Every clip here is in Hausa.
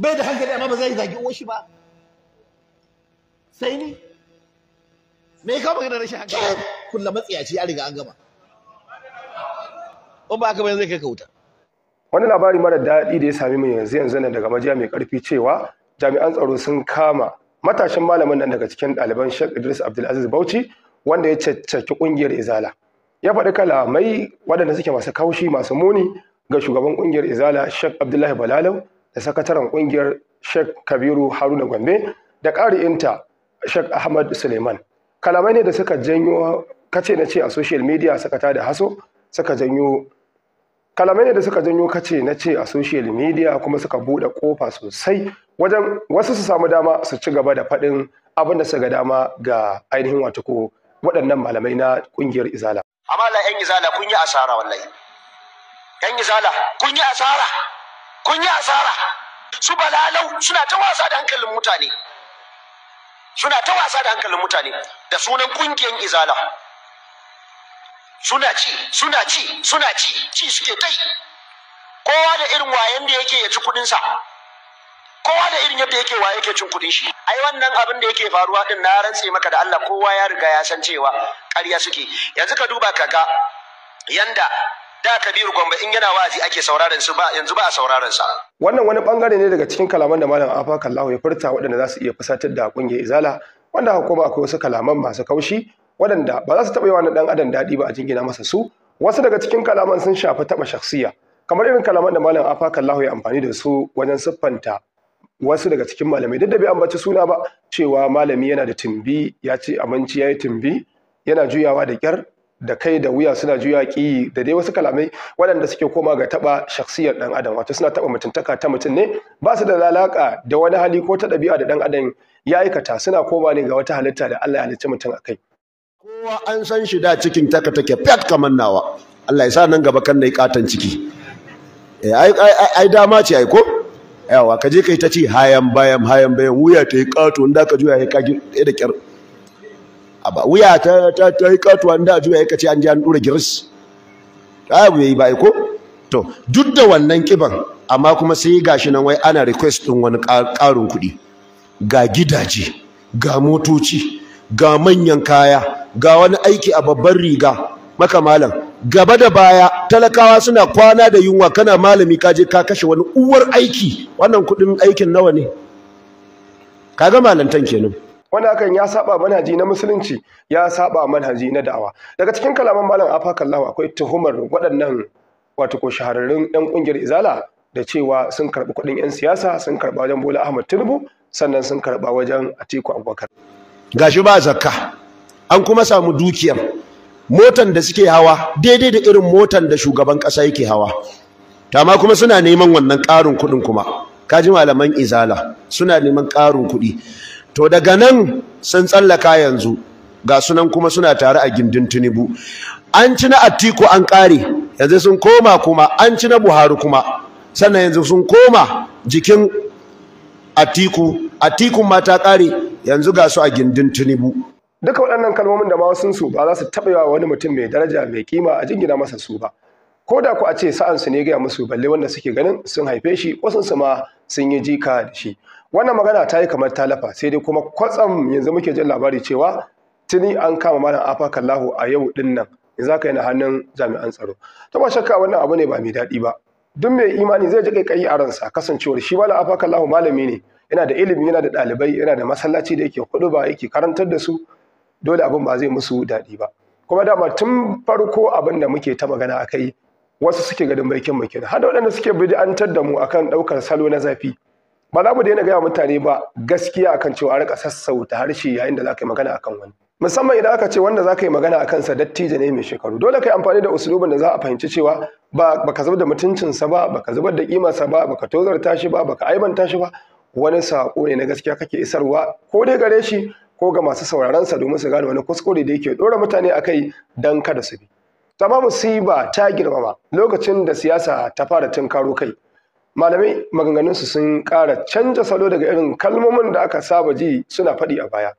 bai da hankali amma ba zai zagi uwar shi ba sai ni me ka kawo da rashin hankali kulla matsiyaci ya riga an gama ba aka bayan zai kai ka wuta wani labari mara daɗi da ya sami mai yanzu yanzu nan daga majiya mai ƙarfi cewa jami'an tsaro sun kama matashin malamin nan daga cikin ɗaliban Sheikh Idris Abdulaziz Bauchi wanda ya caccaki ƙungiyar Izala ya faɗi kalamai waɗanda suke masu kaushi masu muni ga shugaban ƙungiyar Izala Sheikh Abdullahi Balalau da sakataren ƙungiyar Sheikh Kabiru Haruna Gombe da ƙari'inta Sheikh Ahmad Suleiman. Kalamai ne da suka janyo kace na ce a social media suka ta da haso suka janyo kalamai ne da suka janyo kace na ce a social media kuma suka buɗe ƙofa sosai wajen wasu su samu dama su ci gaba da faɗin abin da suka dama ga ainihin wato ko waɗannan malamai na ƙungiyar izala. Amma la izala kun yi asara wallahi. 'Yan izala kun yi asara. kun yi asara su balalau suna ta wasa da hankalin mutane suna ta wasa da hankalin mutane da sunan kungiyar izala suna ci suna ci suna ci ci suke ta yi. kowa da irin wayan da yake ya ci kudin kowa da irin yadda yake waye yake cin kudin shi ai wannan abin da yake faruwa din na rantse maka da Allah kowa ya riga ya san cewa ƙarya suke yanzu ka duba kaga yanda da kabiru gombe in yana wa'azi ake sauraron su ba yanzu ba a sauraron sa wannan wani bangare ne daga cikin kalaman da malam afa kallahu ya furta waɗanda za su iya fusatar da kungiyar izala wanda hukuma akwai wasu kalaman masu kaushi waɗanda ba za su taɓa yi wani ɗan adam daɗi ba a jingina masa su wasu daga cikin kalaman sun shafi taɓa shakhsiya kamar irin kalaman da malam afa kallahu ya amfani da su wajen siffanta wasu daga cikin malamai duk da bai ambaci suna ba cewa malami yana da tumbi ya ce aminci ya yi tumbi yana juyawa da kyar da kai da wuya suna juya ƙi da dai wasu kalamai waɗanda suke koma ga taɓa shaksiyar ɗan adam wato suna taɓa mutuntaka ta mutum ne ba su da alaƙa da wani hali ko ta ɗabi'a da ɗan adam ya aikata suna koma ne ga wata halitta da Allah ya halicci mutum a kai. kowa an san shi da cikin taka take fiyat kamar nawa Allah ya sa nan gaba kan nayi katan ciki eh ai ai dama ce ai ko yawa ka je kai ta ci hayan bayan hayan bayan wuya ta yi kato inda ka juya ya ka da kyar wuya ta ta ta yi katuwa da juya yake ce an ji an dura giris ai bai bai ko to duk da wannan kiban amma kuma sai gashi nan wai ana request din wani karin kuɗi ga gidaje ga motoci ga manyan kaya ga wani aiki a babban riga maka malam gaba da baya talakawa suna kwana da yunwa kana malami ka je ka kashe wani uwar aiki wannan kuɗin aikin nawa ne kaga malantan kenan wani hakan ya saba manhaji na musulunci ya saba manhaji na da'awa daga cikin kalaman malam afakallahu akwai tuhumar waɗannan wato ko shahararrun yan ƙungiyar izala da cewa sun karɓi kuɗin yan siyasa sun karɓa wajen Bola Ahmad Tinubu sannan sun karɓa wajen Atiku Abubakar gashi ba zakka an kuma samu dukiyar motan da suke hawa daidai da irin motan da shugaban ƙasa yake hawa tama kuma suna neman wannan ƙarin kuɗin kuma kaji malaman izala suna neman ƙarin kuɗi to daga nan sun tsallaka yanzu ga sunan kuma suna tare a gindin Tinubu an ci na Atiku an kare yanzu sun koma kuma an ci na Buhari kuma sannan yanzu sun koma jikin Atiku Atikun ma ta kare yanzu ga su a gindin Tinubu duka waɗannan kalmomin da ma sun su ba za su taɓa yawa wani mutum mai daraja mai kima a jingina masa su ba ko da ku a ce sa'ansu ne gaya musu balle wanda suke ganin sun haife shi wasansu ma sun yi jika da shi wannan magana ta yi kamar talafa sai dai kuma kwatsam yanzu muke jin labari cewa tuni an kama malam kallahu a yau din nan yanzu aka na hannun jami'an tsaro to ba shakka wannan abu ne ba mai daɗi ba duk mai imani zai ji kaikayi a ransa kasancewar shi malam kallahu malami ne yana da ilimi yana da ɗalibai yana da masallaci da yake ba yake karantar da su dole abin ba zai musu daɗi ba kuma dama tun farko abin da muke ta magana akai wasu suke gadin baikin mu kenan har da waɗanda suke bid'antar da mu akan ɗaukar salo na zafi ba za mu daina gaya mutane ba gaskiya akan cewa a rika sassauta harshe yayin da za ka yi magana akan wani musamman idan aka ce wanda za ka yi magana a kansa dattijo ne mai shekaru dole ka yi amfani da usulubin da za a fahimci cewa ba ka zubar da mutuncinsa ba ba ka zubar da kimarsa ba ba ka tozarta shi ba ba ka aibanta shi ba wani sako ne na gaskiya kake isarwa ko dai gare shi ko ga masu sauraron sa domin su gane wani kuskure da yake ɗora mutane a kai don kada su bi. Tama musiba ta girmama lokacin da siyasa ta fara tunkaro kai. malamai maganganunsu sun ƙara canja salo daga irin kalmomin da aka saba ji suna faɗi a baya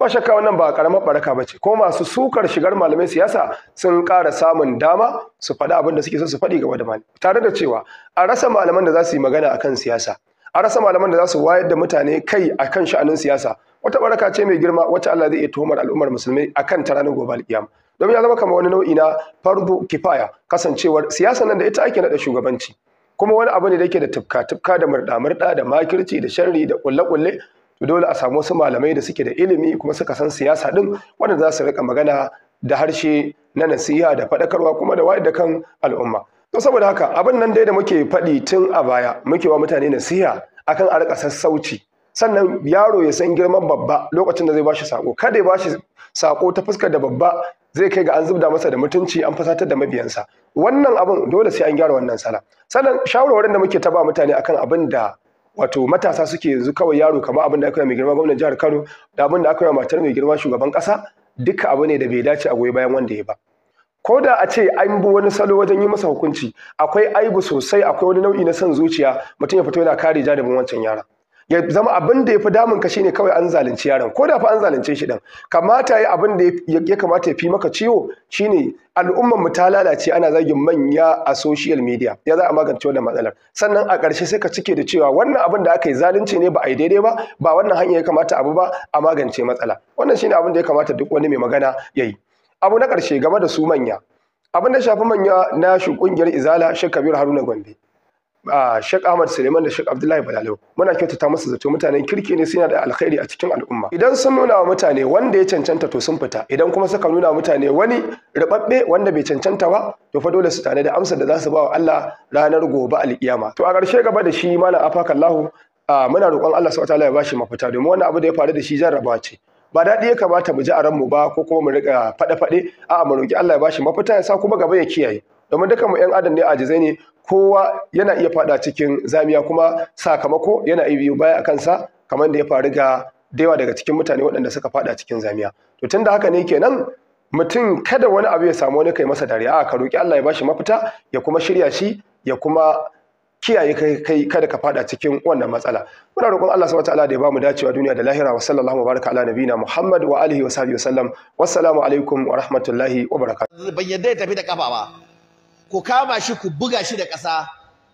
ba shakka wannan ba karamar baraka ba ce ko masu sukar shigar malamai siyasa sun ƙara samun dama su faɗi abin da suke so su faɗi ga da malamai tare da cewa a rasa malaman da za su yi magana akan siyasa a rasa malaman da za su wayar da mutane kai akan sha'anin siyasa wata baraka ce mai girma wacce Allah zai iya tuhumar al'ummar musulmai akan ta ranar gobe alƙiyama domin ya zama kamar wani nau'i na fardu kifaya kasancewar siyasa nan da ita ake naɗa shugabanci kuma wani abu ne da yake da tufka tufka da murda murda da makirci da sharri da kulle kulle dole a samu wasu malamai da suke da ilimi kuma suka san siyasa din wanda za su rika magana da harshe na nasiha da faɗakarwa kuma da wayar da kan al'umma to saboda haka abin nan dai da muke faɗi tun a baya muke wa mutane nasiha akan a rika sassauci sannan yaro ya san girman babba lokacin da zai bashi sako kada ya bashi sako ta fuskar da babba zai kai ga an zubda masa da mutunci an fasatar da mabiyansa wannan abin dole sai an gyara wannan sala sannan shawarwarin da muke taba ba mutane akan abin da wato matasa suke yanzu kawai yaro kamar abin da aka yi mai girma gwamnan jihar Kano da abin da aka yi matar mai girma shugaban kasa duka abu ne da bai dace a goyi bayan wanda ya ba ko da a ce an bi wani salo wajen yi masa hukunci akwai aibu sosai akwai wani nau'i na son zuciya mutum ya fito yana kare jarumin wancan yaran ya zama abin da ya fi damun ka shine kawai an zalunci yaron ko da fa an zalunce shi din kamata ya abin da ya kamata ya fi maka ciwo shine al'ummar mu ta lalace ana zagin manya a social media ya za a magance wannan matsalar sannan a ƙarshe sai ka cike da cewa wannan abin da aka yi zalunci ne ba a yi daidai ba ba wannan hanya ya kamata abu ba a magance matsala wannan shine abin da ya kamata duk wani mai magana ya yi abu na ƙarshe game da su manya abin da shafi manya na shi ƙungiyar izala shekabiru haruna gombe Sheikh Ahmad Suleiman da Sheikh Abdullahi Balalau muna kyautata masa zato mutanen kirki ne suna da alkhairi a cikin al'umma idan sun nuna wa mutane wanda ya cancanta to sun fita idan kuma suka nuna mutane wani rubabbe wanda bai cancanta ba to fa dole su tare da amsar da za su ba wa Allah ranar gobe alkiyama to a ƙarshe gaba da shi malam afakallahu muna roƙon Allah subhanahu wataala ya bashi mafita domin wannan abu da ya faru da shi jarrabawa ce ba daɗi ya kamata mu ji a ranmu ba ko kuma mu riƙa faɗe-faɗe a'a mu roƙi Allah ya bashi mafita ya sa kuma gaba ya kiyaye domin duka mu yan adam ne ajizai ne kowa yana iya fada cikin zamiya kuma sakamako yana iya biyu baya akan sa kamar da ya faru ga da daga cikin mutane waɗanda suka fada cikin zamiya to tun da haka ne ke nan, mutum kada wani abu ya samu wani kai masa dariya a ka roƙi Allah ya bashi mafita ya kuma shirya shi ya kuma kiyaye kai kada ka fada cikin wannan matsala muna roƙon Allah subhanahu wataala da ya bamu dacewa duniya da lahira wa sallallahu alaihi wa baraka ala nabina Muhammad wa alihi wa sahbihi wa sallam wassalamu alaikum wa rahmatullahi wa barakatuh bayyade tafi da kafa ba ku kama shi ku buga shi da ƙasa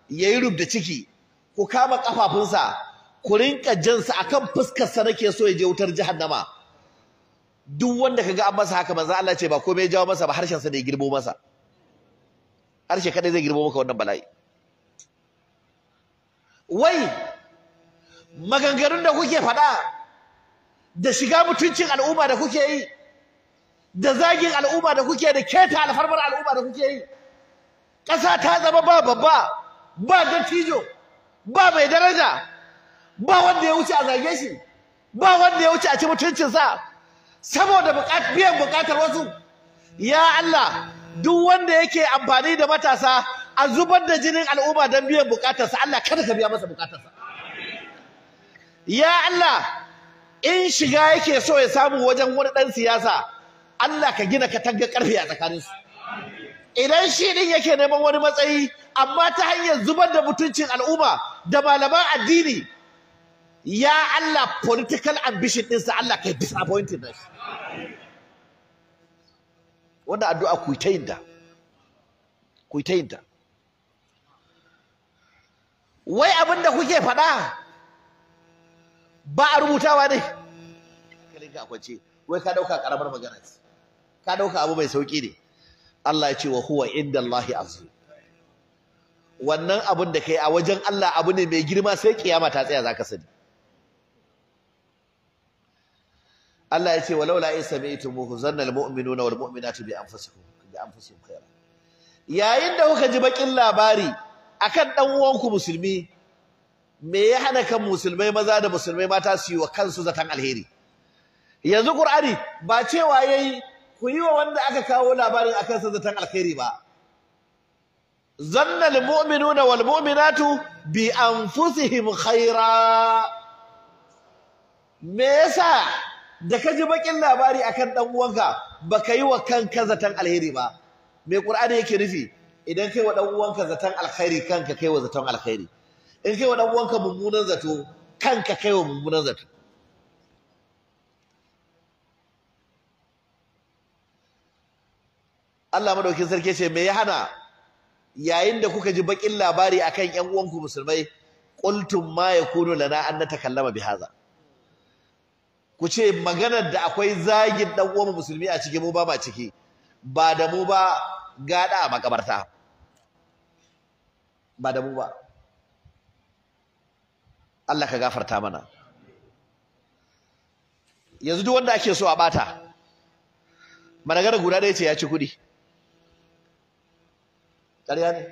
ya yi rubda ciki ku kama ƙafafunsa ku rinka jansa akan fuskarsa nake so ya je wutar jahannama duk wanda ga an masa haka manzo Allah ce ba komai ya jawo masa ba harshen sa ya girbo masa harshe kadai zai girbo maka wannan bala'i wai maganganun da kuke faɗa da shiga mutuncin al'umma da kuke yi da zagin al'umma da kuke da keta alfarmar al'umma da kuke yi ƙasa ta zama ba babba ba dattijo ba mai daraja ba wanda ya wuce a zage shi ba wanda ya wuce a ci mutuncinsa saboda biyan buƙatar wasu ya Allah duk wanda yake amfani da matasa a zubar da jinin al'umma don biyan buƙatarsa Allah kada ka biya masa buƙatarsa ya Allah in shiga yake so ya samu wajen wani ɗan siyasa Allah ka gina katangar ƙarfi a tsakaninsu idan shi din yake neman wani matsayi amma ta hanyar zubar da mutuncin al'umma da malaman addini ya Allah political ambition ɗinsa Allah kai disappointed da shi wanda addu'a ku ta yinta ku ta yinta wai abin da kuke faɗa ba a rubutawa ne kalinka akwace wai ka ɗauka ƙaramar magana ce ka ɗauka abu mai sauƙi ne Allah ya ce wa huwa inda Allah azim wannan abun da kai a wajen Allah abu ne mai girma sai kiyama ta tsaya zaka sani Allah ya ce walau la isami'tumuhu zanna almu'minuna wal mu'minatu bi anfusihim bi anfusihim khairan yayin da kuka ji bakin labari akan dan uwanku musulmi me ya hana kan musulmai maza da musulmai mata su yi wa kansu zaton alheri yanzu qur'ani ba cewa yayi ku yi wa wanda aka kawo labarin akan sa zaton alkhairi ba zanna almu'minuna wal mu'minatu bi anfusihim khaira me yasa da ka ji bakin labari akan dan uwanka baka yi wa kanka zaton alheri ba me qur'ani yake nufi idan kai wa dan uwanka zaton alkhairi kanka kai wa zaton alkhairi in kai wa dan uwanka mummunan zato kanka kai wa mummunan zato Allah madaukin sarki ce me ya hana yayin da kuka ji bakin labari akan ƴan uwanku musulmai qultum ma yakunu lana an natakallama bihaza ku ce maganar da akwai zagin dan uwan musulmi a ciki mu ba ma ciki ba da mu ba gada a makabarta ba da mu ba Allah ka gafarta mana yanzu duk wanda ake so a bata madagara guda ɗaya ce ya ci kuɗi ƙarya ne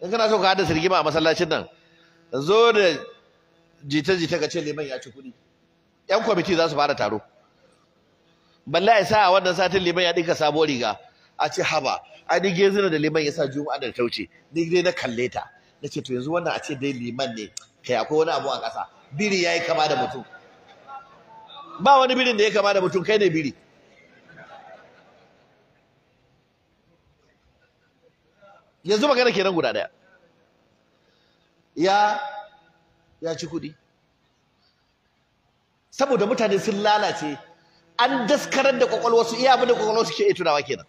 in kana so ka hada sirgima a masallacin nan zo da jita-jita ka ce liman ya ci kuɗi yan kwamiti za su fara taro balla ya sa a wannan satin liman ya ɗinka sabo riga a ce haba a ni gezina da liman ya sa juma'a da tauce ni dai na kalle ta na ce to yanzu wannan a ce dai liman ne kai akwai wani abu a ƙasa biri ya yi kama da mutum ba wani birin da ya kama da mutum kai ne biri yanzu magana kenan guda daya ya ya ci kuɗi saboda mutane sun lalace an daskarar da kwakwalwarsu iya abin da kwakwalwarsu ke iya tunawa kenan